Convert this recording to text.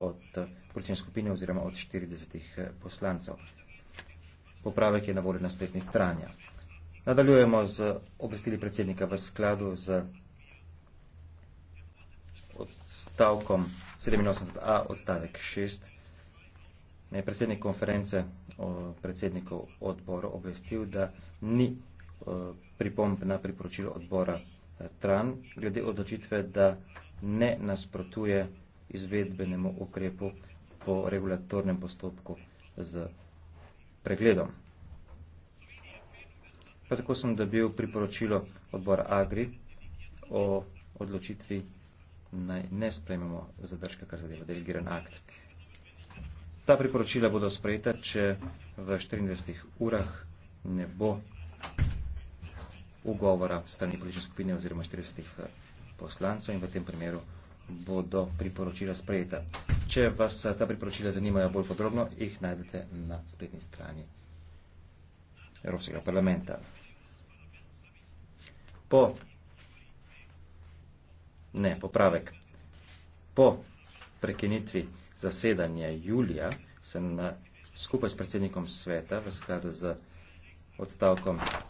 od politične skupine oziroma od 40 eh, poslancev. Popravek je na voljo na spletni strani. Nadaljujemo z obvestili predsednika v skladu z odstavkom 87a odstavek 6. Je predsednik konference eh, predsednikov odbora obvestil, da ni eh, pripomb na priporočilo odbora Tran glede odločitve, da ne nasprotuje izvedbenemu ukrepu po regulatornem postopku z pregledom. Pa tako sem dobil priporočilo odbora Agri o odločitvi naj ne sprememo zadržka, kar zadeva delegiran akt. Ta priporočila bodo sprejeta, če v 24 urah ne bo ugovora strani politične skupine oziroma 40 eh, poslancov in v tem primeru bodo priporočila sprejeta. Če vas eh, ta priporočila zanimajo bolj podrobno, jih najdete na spletni strani Evropskega parlamenta. Po ne, popravek. Po prekinitvi zasedanja julija sem na, eh, skupaj s predsednikom sveta v skladu z odstavkom